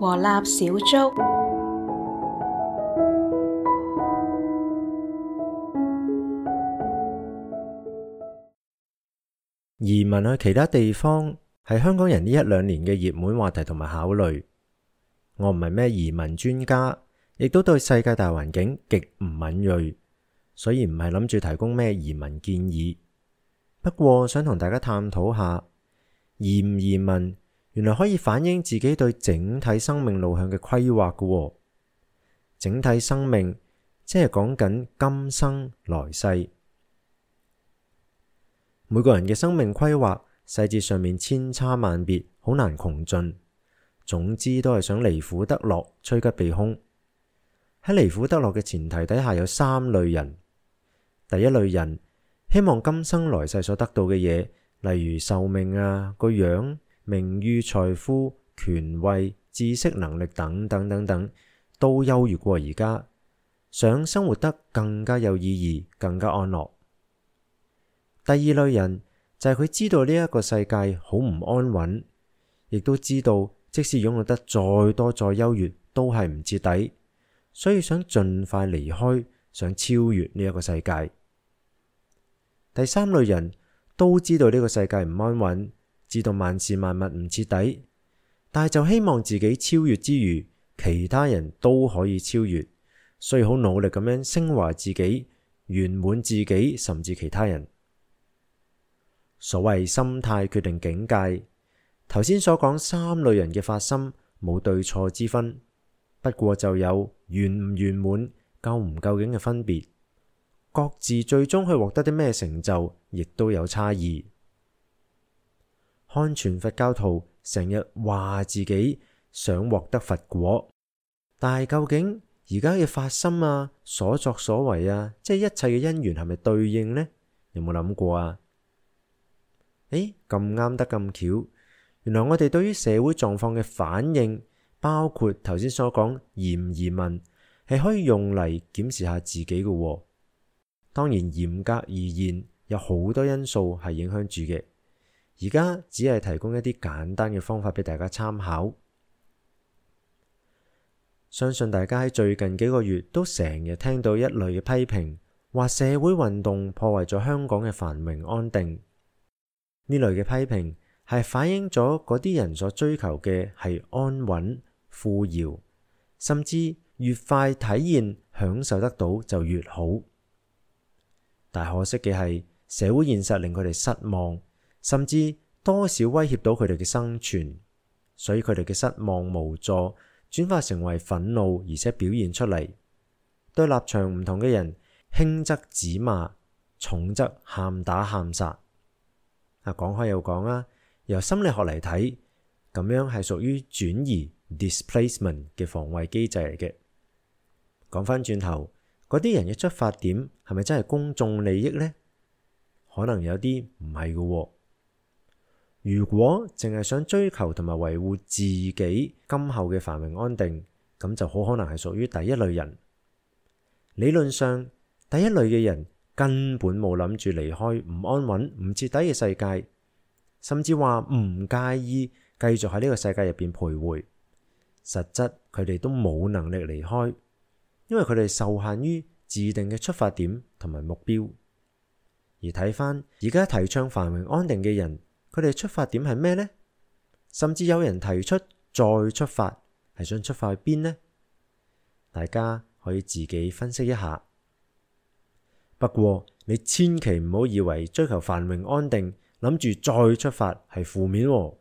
和立小築，移民去其他地方係香港人呢一兩年嘅熱門話題同埋考慮。我唔係咩移民專家，亦都對世界大環境極唔敏鋭，所以唔係諗住提供咩移民建議。不過想同大家探討下，移唔移民？原來可以反映自己對整體生命路向嘅規劃㗎喎，整體生命即係講緊今生來世。每個人嘅生命規劃細節上面千差萬別，好難窮盡。總之都係想離苦得樂，趨吉避凶。喺離苦得樂嘅前提底下，有三類人：第一類人希望今生來世所得到嘅嘢，例如壽命啊個樣。名譽、財富、權位、知識、能力，等等等等，都優越過而家，想生活得更加有意義、更加安樂。第二類人就係佢知道呢一個世界好唔安穩，亦都知道即使擁有得再多再優越都係唔徹底，所以想盡快離開，想超越呢一個世界。第三類人都知道呢個世界唔安穩。知道萬事萬物唔徹底，但係就希望自己超越之餘，其他人都可以超越，所以好努力咁樣升華自己、圓滿自己，甚至其他人。所謂心態決定境界，頭先所講三類人嘅發心冇對錯之分，不過就有圓唔圓滿、夠唔夠究竟嘅分別，各自最終去獲得啲咩成就，亦都有差異。看全佛教徒成日話自己想獲得佛果，但係究竟而家嘅發心啊、所作所為啊，即係一切嘅因緣係咪對應呢？有冇諗過啊？誒，咁啱得咁巧，原來我哋對於社會狀況嘅反應，包括頭先所講移唔移民，係可以用嚟檢視下自己嘅啊。當然，嚴格而言，有好多因素係影響住嘅。而家只係提供一啲簡單嘅方法俾大家參考。相信大家喺最近幾個月都成日聽到一類嘅批評，話社會運動破壞咗香港嘅繁榮安定。呢類嘅批評係反映咗嗰啲人所追求嘅係安穩富饒，甚至越快體驗享受得到就越好。但可惜嘅係，社會現實令佢哋失望。甚至多少威脅到佢哋嘅生存，所以佢哋嘅失望無助轉化成為憤怒，而且表現出嚟對立場唔同嘅人，輕則指罵，重則喊打喊殺。啊，講開又講啦，由心理學嚟睇，咁樣係屬於轉移 displacement 嘅防衛機制嚟嘅。講翻轉頭，嗰啲人嘅出發點係咪真係公眾利益呢？可能有啲唔係噶。如果淨係想追求同埋維護自己今後嘅繁榮安定，咁就好可能係屬於第一類人。理論上，第一類嘅人根本冇諗住離開唔安穩、唔徹底嘅世界，甚至話唔介意繼續喺呢個世界入邊徘徊。實質佢哋都冇能力離開，因為佢哋受限於自定嘅出發點同埋目標。而睇翻而家提倡繁榮安定嘅人。佢哋出發點係咩呢？甚至有人提出再出發，係想出發去邊呢？大家可以自己分析一下。不過你千祈唔好以為追求繁榮安定，諗住再出發係負面喎。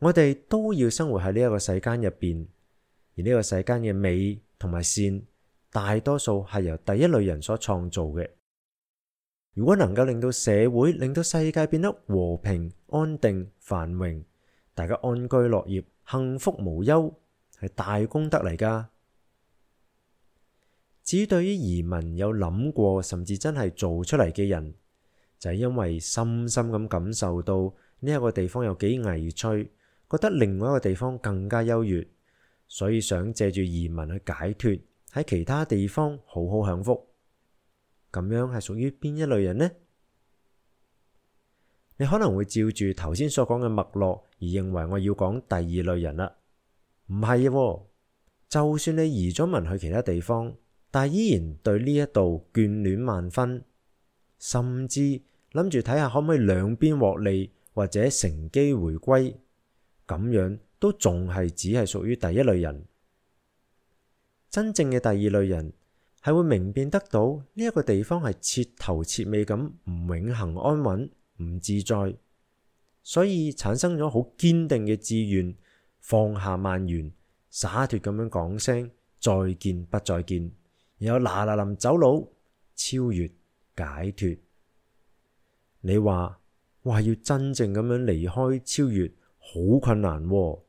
我哋都要生活喺呢一個世間入邊，而呢個世間嘅美同埋善，大多數係由第一類人所創造嘅。如果能夠令到社會、令到世界變得和平、安定、繁榮，大家安居樂業、幸福無憂，係大功德嚟噶。至於對於移民有諗過，甚至真係做出嚟嘅人，就係因為深深咁感受到呢一個地方有幾危脆，覺得另外一個地方更加優越，所以想借住移民去解脱，喺其他地方好好享福。咁樣係屬於邊一類人呢？你可能會照住頭先所講嘅脈絡而認為我要講第二類人啦，唔係，就算你移咗民去其他地方，但係依然對呢一度眷戀萬分，甚至諗住睇下可唔可以兩邊獲利或者乘機回歸，咁樣都仲係只係屬於第一類人。真正嘅第二類人。係會明辨得到呢一個地方係徹頭徹尾咁唔永恒安穩、唔自在，所以產生咗好堅定嘅志願，放下萬緣灑脫咁樣講聲再見不，再見，然後嗱嗱臨走佬超越解脱。你話哇，要真正咁樣離開超越好困難喎？啊，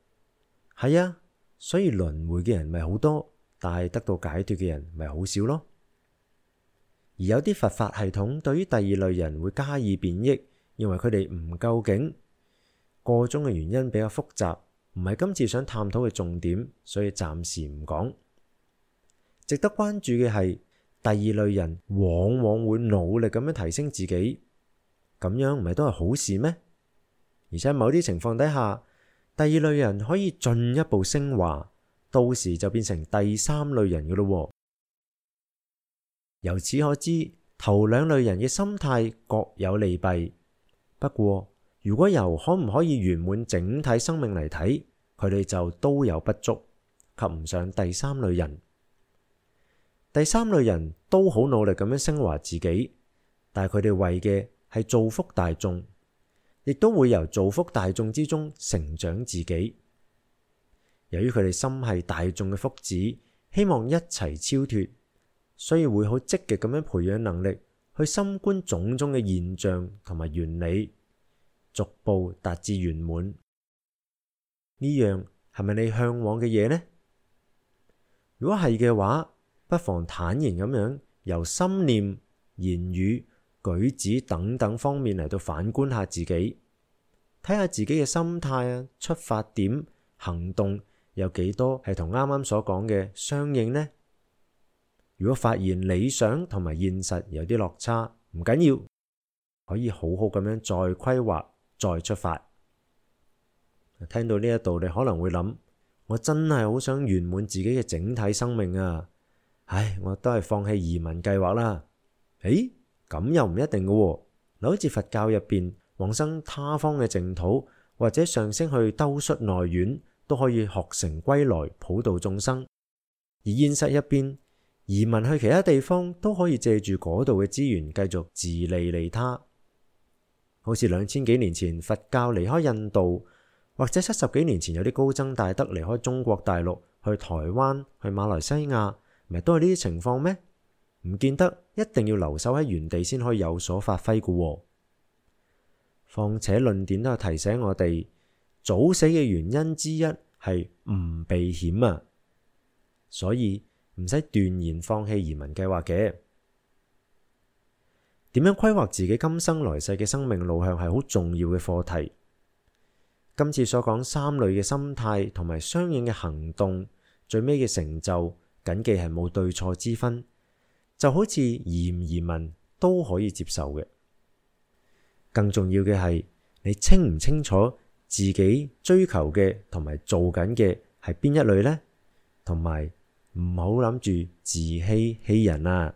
係啊，所以輪回嘅人咪好多。但係得到解脫嘅人咪好少咯，而有啲佛法系統對於第二類人會加以貶抑，認為佢哋唔究竟，個中嘅原因比較複雜，唔係今次想探討嘅重點，所以暫時唔講。值得關注嘅係第二類人往往會努力咁樣提升自己，咁樣唔係都係好事咩？而且喺某啲情況底下，第二類人可以進一步升華。到時就變成第三類人嘅咯。由此可知，頭兩類人嘅心態各有利弊。不過，如果由可唔可以圓滿整體生命嚟睇，佢哋就都有不足，及唔上第三類人。第三類人都好努力咁樣升華自己，但佢哋為嘅係造福大眾，亦都會由造福大眾之中成長自己。由於佢哋心係大眾嘅福祉，希望一齊超脫，所以會好積極咁樣培養能力，去深觀種種嘅現象同埋原理，逐步達至圓滿。呢樣係咪你向往嘅嘢呢？如果係嘅話，不妨坦然咁樣，由心念、言語、舉止等等方面嚟到反觀下自己，睇下自己嘅心態啊、出發點、行動。有幾多係同啱啱所講嘅相應呢？如果發現理想同埋現實有啲落差，唔緊要，可以好好咁樣再規劃、再出發。聽到呢一度，你可能會諗：我真係好想圓滿自己嘅整體生命啊！唉，我都係放棄移民計劃啦。誒，咁又唔一定嘅喎。嗱，好似佛教入邊，往生他方嘅淨土，或者上升去兜率內院。都可以學成歸來普渡眾生，而現實一邊移民去其他地方都可以借住嗰度嘅資源繼續自利利他，好似兩千幾年前佛教離開印度，或者七十幾年前有啲高僧大德離開中國大陸去台灣、去馬來西亞，咪都係呢啲情況咩？唔見得一定要留守喺原地先可以有所發揮㗎喎。況且論點都係提醒我哋。早死嘅原因之一係唔避險啊，所以唔使斷言放棄移民計劃嘅。點樣規劃自己今生來世嘅生命路向係好重要嘅課題。今次所講三類嘅心態同埋相應嘅行動，最尾嘅成就謹記係冇對錯之分，就好似移唔移民都可以接受嘅。更重要嘅係你清唔清楚？自己追求嘅同埋做緊嘅係邊一類咧？同埋唔好諗住自欺欺人啊！